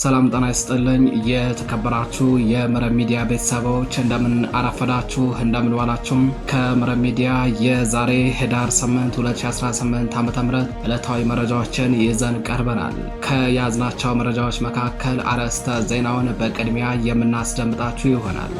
ሰላም ጠና ይስጥልኝ። የተከበራችሁ የመረብ ሚዲያ ቤተሰቦች እንደምን አረፈዳችሁ፣ እንደምን ዋላችሁም። ከመረብ ሚዲያ የዛሬ ህዳር 8 2018 ዓ.ም ዕለታዊ መረጃዎችን ይዘን ቀርበናል። ከያዝናቸው መረጃዎች መካከል አርዕስተ ዜናውን በቅድሚያ የምናስደምጣችሁ ይሆናል።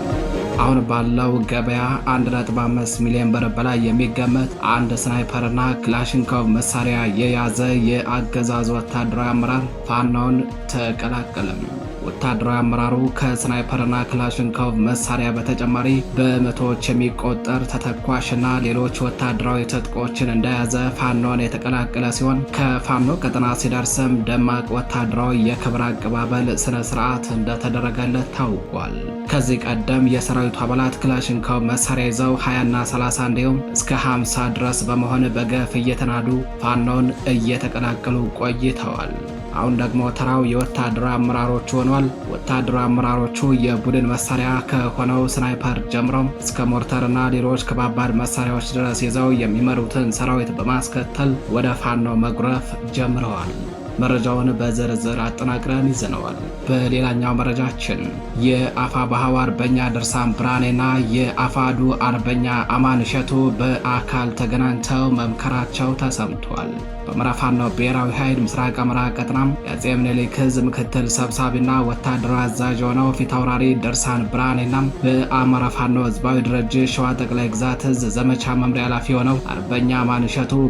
አሁን ባለው ገበያ 1.5 ሚሊዮን ብር በላይ የሚገመት አንድ ስናይፐርና ክላሽንኮቭ መሳሪያ የያዘ የአገዛዝ ወታደራዊ አመራር ፋኖን ተቀላ አልተቀላቀለም። ወታደራዊ አመራሩ ከስናይፐርና ክላሽንኮቭ መሳሪያ በተጨማሪ በመቶዎች የሚቆጠር ተተኳሽና ሌሎች ወታደራዊ ትጥቆችን እንደያዘ ፋኖን የተቀላቀለ ሲሆን ከፋኖ ቀጠና ሲደርስም ደማቅ ወታደራዊ የክብር አቀባበል ስነ ስርዓት እንደተደረገለት ታውቋል። ከዚህ ቀደም የሰራዊቱ አባላት ክላሽንኮቭ መሳሪያ ይዘው 20ና 30 እንዲሁም እስከ 50 ድረስ በመሆን በገፍ እየተናዱ ፋኖን እየተቀላቀሉ ቆይተዋል። አሁን ደግሞ ተራው የወታደር አመራሮች ሆኗል። ወታደር አመራሮቹ የቡድን መሳሪያ ከሆነው ስናይፐር ጀምረው እስከ ሞርተርና ሌሎች ከባባድ መሳሪያዎች ድረስ ይዘው የሚመሩትን ሰራዊት በማስከተል ወደ ፋኖ መጉረፍ ጀምረዋል። መረጃውን በዝርዝር አጠናቅረን ይዘነዋል። በሌላኛው መረጃችን የአፋ የአፋብኃ አርበኛ ድርሳን ብርሃኔና የአፋዱ አርበኛ አማን እሸቱ በአካል ተገናኝተው መምከራቸው ተሰምቷል። በአማራ ነው ብሔራዊ ኃይል ምስራቅ አምራ ቀጥናም። የአጼ ምኒልክ ዕዝ ምክትል ሰብሳቢና ወታደራዊ አዛዥ የሆነው ፊታውራሪ ድርሳን ብርሃኔና በአማራ ነው ህዝባዊ ድርጅት ሸዋ ጠቅላይ ግዛት ህዝ ዘመቻ መምሪያ ኃላፊ የሆነው አርበኛ አማን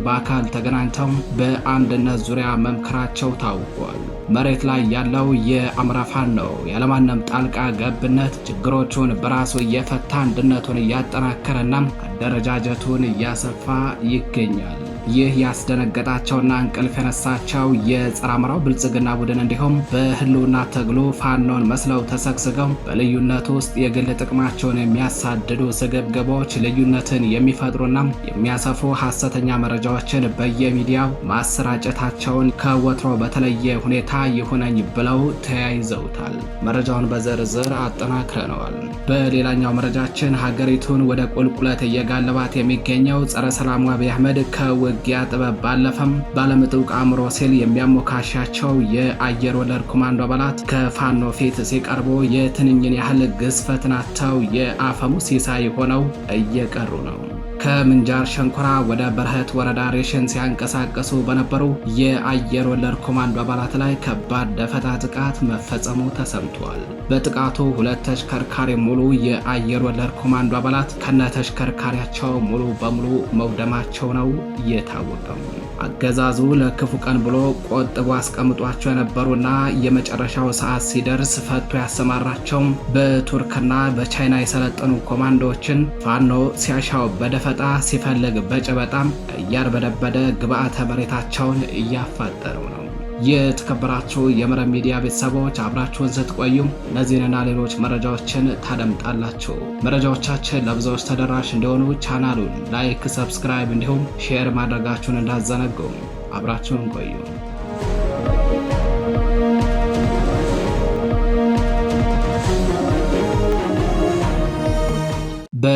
በአካል ተገናኝተው በአንድነት ዙሪያ መምከራቸው መሆናቸው ታውቋል። መሬት ላይ ያለው የአማራ ፋኖ ነው ያለማንም ጣልቃ ገብነት ችግሮቹን በራሱ እየፈታ አንድነቱን እያጠናከረና አደረጃጀቱን እያሰፋ ይገኛል። ይህ ያስደነገጣቸውና እንቅልፍ የነሳቸው የጸረ አማራው ብልጽግና ቡድን እንዲሁም በህልውና ተግሎ ፋኖን መስለው ተሰግስገው በልዩነት ውስጥ የግል ጥቅማቸውን የሚያሳድዱ ስግብግቦች ልዩነትን የሚፈጥሩና የሚያሰፉ ሀሰተኛ መረጃዎችን በየሚዲያው ማሰራጨታቸውን ከወትሮ በተለየ ሁኔታ ይሁነኝ ብለው ተያይዘውታል። መረጃውን በዝርዝር አጠናክረነዋል። በሌላኛው መረጃችን ሀገሪቱን ወደ ቁልቁለት እየጋለባት የሚገኘው ጸረ ሰላም አብይ አህመድ ከው ውጊያ ጥበብ ባለፈም ባለምጡቅ አእምሮ ሲል የሚያሞካሻቸው የአየር ወለድ ኮማንዶ አባላት ከፋኖ ፊት ሲቀርቡ የትንኝን ያህል ግዝፈት የአፈሙ የአፈሙስ ሲሳይ ሆነው እየቀሩ ነው። ከምንጃር ሸንኮራ ወደ በረህት ወረዳ ሬሽን ሲያንቀሳቀሱ በነበሩ የአየር ወለድ ኮማንዶ አባላት ላይ ከባድ ደፈጣ ጥቃት መፈጸሙ ተሰምቷል። በጥቃቱ ሁለት ተሽከርካሪ ሙሉ የአየር ወለድ ኮማንዶ አባላት ከነ ተሽከርካሪያቸው ሙሉ በሙሉ መውደማቸው ነው የታወቀው። አገዛዙ ለክፉ ቀን ብሎ ቆጥቦ አስቀምጧቸው የነበሩና የመጨረሻው ሰዓት ሲደርስ ፈቶ ያሰማራቸው በቱርክና በቻይና የሰለጠኑ ኮማንዶዎችን ፋኖ ሲያሻው በደፈጣ ሲፈልግ በጨበጣም እያርበደበደ ግብአተ መሬታቸውን እያፋጠነው ነው። የተከበራችሁ የመረብ ሚዲያ ቤተሰቦች አብራችሁን ስትቆዩ እነዚህንና ሌሎች መረጃዎችን ታደምጣላችሁ። መረጃዎቻችን ለብዙዎች ተደራሽ እንዲሆኑ ቻናሉን ላይክ፣ ሰብስክራይብ እንዲሁም ሼር ማድረጋችሁን እንዳዘነጉ አብራችሁን ቆዩም።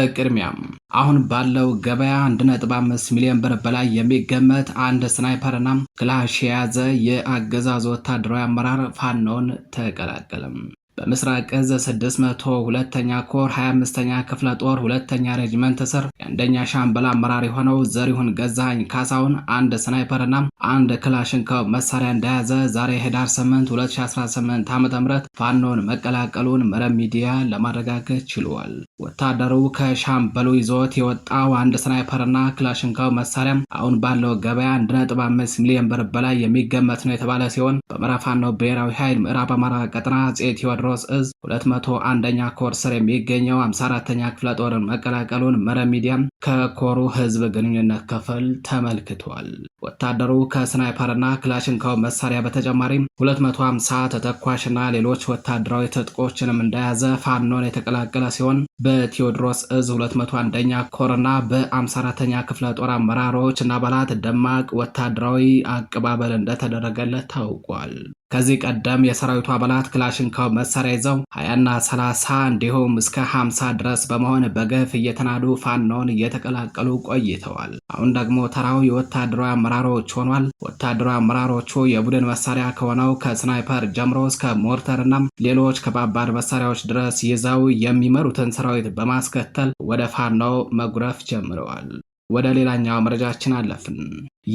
በቅድሚያም አሁን ባለው ገበያ 1.5 ሚሊዮን ብር በላይ የሚገመት አንድ ስናይፐርና ክላሽ የያዘ የአገዛዝ ወታደራዊ አመራር ፋኖን ተቀላቀለም። በምስራቅ እዝ 602ኛ ኮር 25ኛ ክፍለ ጦር ሁለተኛ ሬጅመንት ስር የአንደኛ ሻምበል አመራር የሆነው ዘሪሁን ገዛኝ ካሳውን አንድ ስናይፐርና አንድ ክላሽንኮቭ መሳሪያ እንደያዘ ዛሬ ህዳር 8 2018 ዓ.ም ም ፋኖን መቀላቀሉን መረብ ሚዲያ ለማረጋገጥ ችሏል። ወታደሩ ከሻምበሉ ይዞት የወጣው አንድ ስናይፐርና ክላሽንኮቭ መሳሪያም አሁን ባለው ገበያ 1.5 ሚሊዮን ብር በላይ የሚገመት ነው የተባለ ሲሆን በምዕራ ፋኖ ብሔራዊ ኃይል ምዕራብ አማራ ቀጠና አጼ ቴዎድሮስ እዝ 201ኛ ኮር ስር የሚገኘው 54ኛ ክፍለ ጦርን መቀላቀሉን መረብ ሚዲያም ከኮሩ ህዝብ ግንኙነት ክፍል ተመልክቷል። ወታደሩ ከስናይፐርና ክላሽንኮቭ መሳሪያ በተጨማሪም 250 ተተኳሽና ሌሎች ወታደራዊ ትጥቆችንም እንደያዘ ፋኖን የተቀላቀለ ሲሆን በቴዎድሮስ እዝ 201ኛ ኮርና በ54ኛ ክፍለ ጦር አመራሮች እና አባላት ደማቅ ወታደራዊ አቀባበል እንደተደረገለት ታውቋል። ከዚህ ቀደም የሰራዊቱ አባላት ክላሽንካው መሳሪያ ይዘው 20ና 30 እንዲሁም እስከ 50 ድረስ በመሆን በገፍ እየተናዱ ፋኖን እየተቀላቀሉ ቆይተዋል። አሁን ደግሞ ተራው የወታደራዊ አመራሮች ሆኗል። ወታደራዊ አመራሮቹ የቡድን መሳሪያ ከሆነው ከስናይፐር ጀምሮ እስከ ሞርተርና ሌሎች ከባባድ መሳሪያዎች ድረስ ይዘው የሚመሩትን ሰራዊት በማስከተል ወደ ፋኖ መጉረፍ ጀምረዋል። ወደ ሌላኛው መረጃችን አለፍን።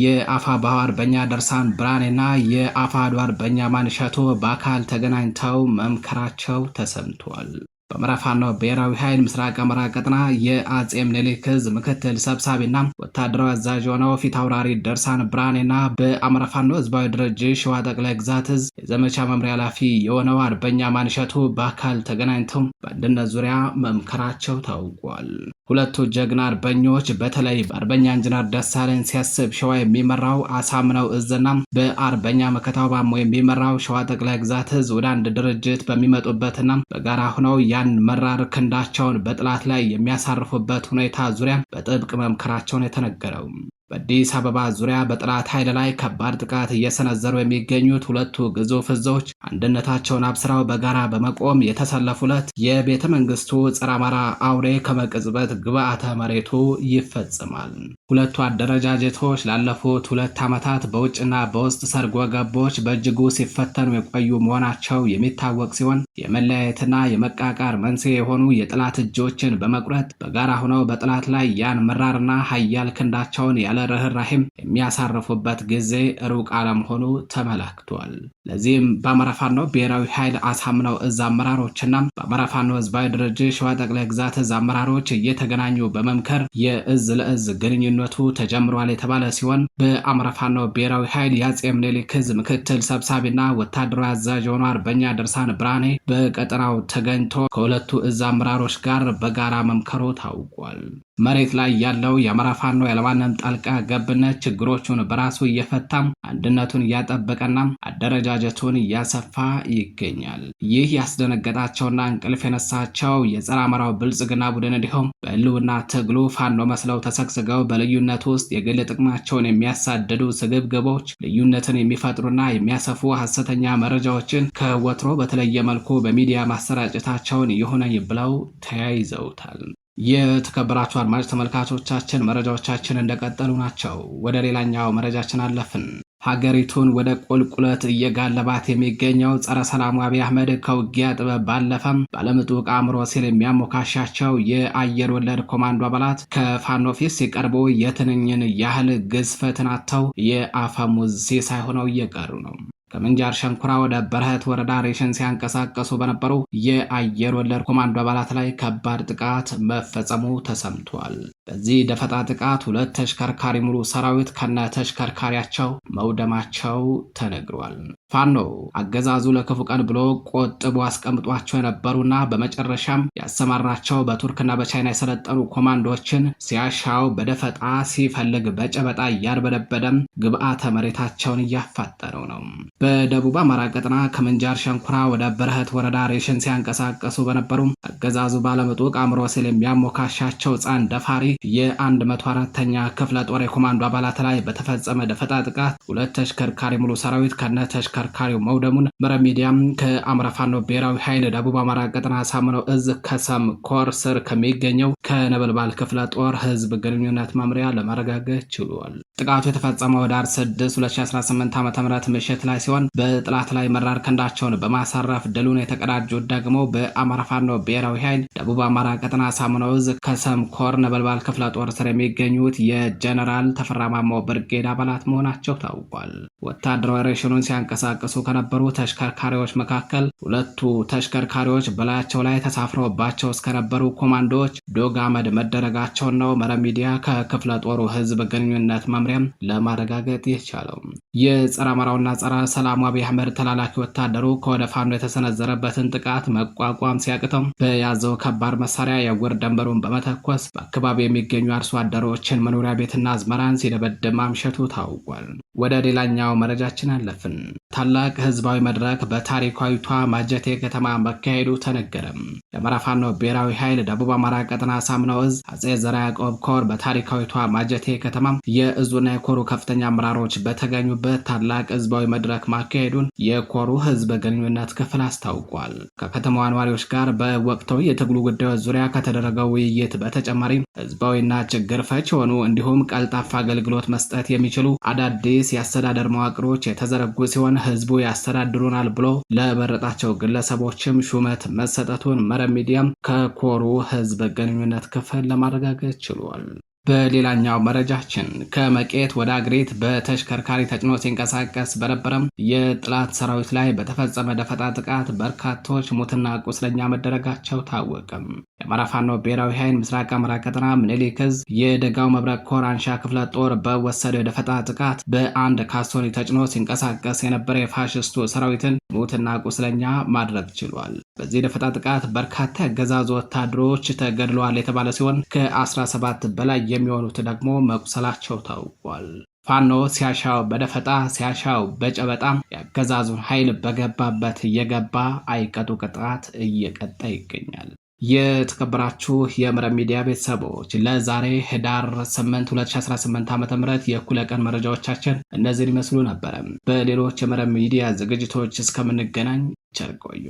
የአፋ ባህር በኛ ደርሳን ብርሃኔና የአፋ ዷር በኛ ማንሸቶ በአካል ተገናኝተው መምከራቸው ተሰምቷል። በምዕራብ ብሔራዊ ኃይል ምስራቅ አማራ ቀጠና የአጼ ምኒልክ ዕዝ ምክትል ሰብሳቢና ወታደራዊ አዛዥ የሆነው ፊት አውራሪ ደርሳን ብርሃኔና በአማራ ህዝባዊ ድርጅት ሸዋ ጠቅላይ ግዛት የዘመቻ መምሪያ ኃላፊ የሆነው አርበኛ ማንሸቱ በአካል ተገናኝተው በአንድነት ዙሪያ መምከራቸው ታውቋል። ሁለቱ ጀግና አርበኞች በተለይ በአርበኛ ኢንጂነር ደሳለኝ ሲያስብ ሸዋ የሚመራው አሳምነው እዝና በአርበኛ መከታው ባሞ የሚመራው ሸዋ ጠቅላይ ግዛት ወደ አንድ ድርጅት በሚመጡበትና በጋራ ሆነው ኢትዮጵያን መራር ክንዳቸውን በጥላት ላይ የሚያሳርፉበት ሁኔታ ዙሪያ በጥብቅ መምከራቸውን የተነገረው በአዲስ አበባ ዙሪያ በጠላት ኃይል ላይ ከባድ ጥቃት እየሰነዘሩ የሚገኙት ሁለቱ ግዙፍ እዞች አንድነታቸውን አብስረው በጋራ በመቆም የተሰለፉለት የቤተ መንግስቱ ጸረ አማራ አውሬ ከመቅጽበት ግብአተ መሬቱ ይፈጽማል። ሁለቱ አደረጃጀቶች ላለፉት ሁለት ዓመታት በውጭና በውስጥ ሰርጎ ገቦች በእጅጉ ሲፈተኑ የቆዩ መሆናቸው የሚታወቅ ሲሆን የመለያየትና የመቃቃር መንስኤ የሆኑ የጠላት እጆችን በመቁረጥ በጋራ ሆነው በጠላት ላይ ያን ምራርና ኃያል ክንዳቸውን ያለ ርኅራሄም የሚያሳርፉበት ጊዜ ሩቅ አለመሆኑ ተመላክቷል። ለዚህም በአማራ ፋኖ ብሔራዊ ኃይል አሳምነው እዝ አመራሮችና በአማራ ፋኖ ህዝባዊ ድርጅት ሸዋ ጠቅላይ ግዛት እዝ አመራሮች እየተገናኙ በመምከር የእዝ ለእዝ ግንኙነት ግንኙነቱ ተጀምሯል የተባለ ሲሆን በአማራ ፋኖ ብሔራዊ ኃይል የአጼ ምኒልክ ዕዝ ምክትል ሰብሳቢና ወታደራዊ አዛዥ የሆኑ አርበኛ ድርሳን ብርሃኔ በቀጠናው ተገኝቶ ከሁለቱ እዝ አመራሮች ጋር በጋራ መምከሩ ታውቋል። መሬት ላይ ያለው የአማራ ፋኖ የለማንን ጣልቃ ገብነት ችግሮቹን በራሱ እየፈታም አንድነቱን እያጠበቀና አደረጃጀቱን እያሰፋ ይገኛል። ይህ ያስደነገጣቸውና እንቅልፍ የነሳቸው የጸረ አማራው ብልጽግና ቡድን እንዲሁም በህልውና ትግሉ ፋኖ መስለው ተሰግስገው በልዩነት ውስጥ የግል ጥቅማቸውን የሚያሳድዱ ስግብግቦች ልዩነትን የሚፈጥሩና የሚያሰፉ ሀሰተኛ መረጃዎችን ከወትሮ በተለየ መልኩ በሚዲያ ማሰራጨታቸውን ይሁነኝ ብለው ተያይዘውታል። የተከበራችሁ አድማጭ ተመልካቾቻችን መረጃዎቻችን እንደቀጠሉ ናቸው። ወደ ሌላኛው መረጃችን አለፍን። ሀገሪቱን ወደ ቁልቁለት እየጋለባት የሚገኘው ጸረ ሰላሙ አብይ አህመድ ከውጊያ ጥበብ ባለፈም ባለምጡቅ አእምሮ ሲል የሚያሞካሻቸው የአየር ወለድ ኮማንዶ አባላት ከፋኖ ፊት ሲቀርቡ የትንኝን ያህል ግዝፈትን አጥተው የአፈሙዝ ሲሳይ ሆነው እየቀሩ ነው። ከምንጃር ሸንኩራ ወደ በረሀት ወረዳ ሬሽን ሲያንቀሳቀሱ በነበሩ የአየር ወለድ ኮማንዶ አባላት ላይ ከባድ ጥቃት መፈጸሙ ተሰምቷል። በዚህ ደፈጣ ጥቃት ሁለት ተሽከርካሪ ሙሉ ሰራዊት ከነ ተሽከርካሪያቸው መውደማቸው ተነግሯል። ፋኖ አገዛዙ ለክፉ ቀን ብሎ ቆጥቦ አስቀምጧቸው የነበሩና በመጨረሻም ያሰማራቸው በቱርክና በቻይና የሰለጠኑ ኮማንዶዎችን ሲያሻው በደፈጣ ሲፈልግ በጨበጣ እያርበደበደም ግብአተ መሬታቸውን እያፋጠነው ነው። በደቡብ አማራ ቀጠና ከምንጃር ሸንኩራ ወደ በረህት ወረዳ ሬሽን ሲያንቀሳቀሱ በነበሩ አገዛዙ ባለምጡቅ አእምሮ ሲል የሚያሞካሻቸው ጻን ደፋሪ የ104ኛ ክፍለ ጦር የኮማንዶ አባላት ላይ በተፈጸመ ደፈጣ ጥቃት ሁለት ተሽከርካሪ ሙሉ ሰራዊት ከነ ተሽከ ተሽከርካሪው መውደሙን መረብ ሚዲያ ከአማራ ፋኖ ብሔራዊ ኃይል ደቡብ አማራ ቀጠና ሳምነው እዝ ከሰም ኮር ስር ከሚገኘው ከነበልባል ክፍለ ጦር ህዝብ ግንኙነት መምሪያ ለማረጋገጥ ችሏል። ጥቃቱ የተፈጸመው ዳር 6 2018 ዓ ም ምሽት ላይ ሲሆን በጥላት ላይ መራር ክንዳቸውን በማሳረፍ ድሉን የተቀዳጁት ደግሞ በአማራ ፋኖ ብሔራዊ ኃይል ደቡብ አማራ ቀጠና ሳምነው እዝ ከሰም ኮር ነበልባል ክፍለ ጦር ስር የሚገኙት የጀነራል ተፈራማሞ ብርጌድ አባላት መሆናቸው ታውቋል። ወታደራዊ ሬሽኑን ሲያንቀሳ ሲንቀሳቀሱ ከነበሩ ተሽከርካሪዎች መካከል ሁለቱ ተሽከርካሪዎች በላያቸው ላይ ተሳፍረውባቸው እስከነበሩ ኮማንዶዎች ዶግ አመድ መደረጋቸውን ነው መረብ ሚዲያ ከክፍለ ጦሩ ህዝብ ግንኙነት መምሪያም ለማረጋገጥ የቻለው። የጸረ አማራውና ጸረ ሰላሙ አብይ አህመድ ተላላኪ ወታደሩ ከወደ ፋኖ የተሰነዘረበትን ጥቃት መቋቋም ሲያቅተው በያዘው ከባድ መሳሪያ የጉር ደንበሩን በመተኮስ በአካባቢ የሚገኙ አርሶ አደሮችን መኖሪያ ቤትና አዝመራን ሲደበድ ማምሸቱ ታውቋል። ወደ ሌላኛው መረጃችን አለፍን። ታላቅ ህዝባዊ መድረክ በታሪካዊቷ ማጀቴ ከተማ መካሄዱ ተነገረም። የአማራ ፋኖ ብሔራዊ ኃይል ደቡብ አማራ ቀጠና ሳምናው እዝ አጼ ዘርዓ ያዕቆብ ኮር በታሪካዊቷ ማጀቴ ከተማ የእዙና የኮሩ ከፍተኛ አመራሮች በተገኙበት ታላቅ ህዝባዊ መድረክ ማካሄዱን የኮሩ ህዝብ ግንኙነት ክፍል አስታውቋል። ከከተማዋ ነዋሪዎች ጋር በወቅታዊ የትግሉ ጉዳዮች ዙሪያ ከተደረገው ውይይት በተጨማሪ ህዝባዊና ችግር ፈች የሆኑ እንዲሁም ቀልጣፋ አገልግሎት መስጠት የሚችሉ አዳዲስ የአስተዳደር መዋቅሮች የተዘረጉ ሲሆን ህዝቡ ያስተዳድሩናል ብሎ ለመረጣቸው ግለሰቦችም ሹመት መሰጠቱን መረብ ሚዲያም ከኮሩ ህዝብ ግንኙነት ክፍል ለማረጋገጥ ችሏል። በሌላኛው መረጃችን ከመቄት ወደ አግሬት በተሽከርካሪ ተጭኖ ሲንቀሳቀስ በነበረም የጥላት ሰራዊት ላይ በተፈጸመ ደፈጣ ጥቃት በርካቶች ሙትና ቁስለኛ መደረጋቸው ታወቀም። የአማራ ፋኖ ብሔራዊ ኃይል ምስራቅ አማራ ቀጠና ምኒልክ ዕዝ የደጋው መብረቅ ኮር አንሻ ክፍለ ጦር በወሰደው የደፈጣ ጥቃት በአንድ ካስቶኒ ተጭኖ ሲንቀሳቀስ የነበረ የፋሽስቱ ሰራዊትን ሙትና ቁስለኛ ማድረግ ችሏል። በዚህ ደፈጣ ጥቃት በርካታ የአገዛዙ ወታደሮች ተገድለዋል የተባለ ሲሆን ከ17 በላይ የሚሆኑት ደግሞ መቁሰላቸው ታውቋል። ፋኖ ሲያሻው በደፈጣ ሲያሻው በጨበጣ የአገዛዙን ኃይል በገባበት እየገባ አይቀጡ ቅጣት እየቀጣ ይገኛል። የተከበራችሁ የምረብ ሚዲያ ቤተሰቦች ለዛሬ ህዳር 8 2018 ዓ ም የእኩለ ቀን መረጃዎቻችን እነዚህን ይመስሉ ነበረ። በሌሎች የምረብ ሚዲያ ዝግጅቶች እስከምንገናኝ ቸር ቆዩ።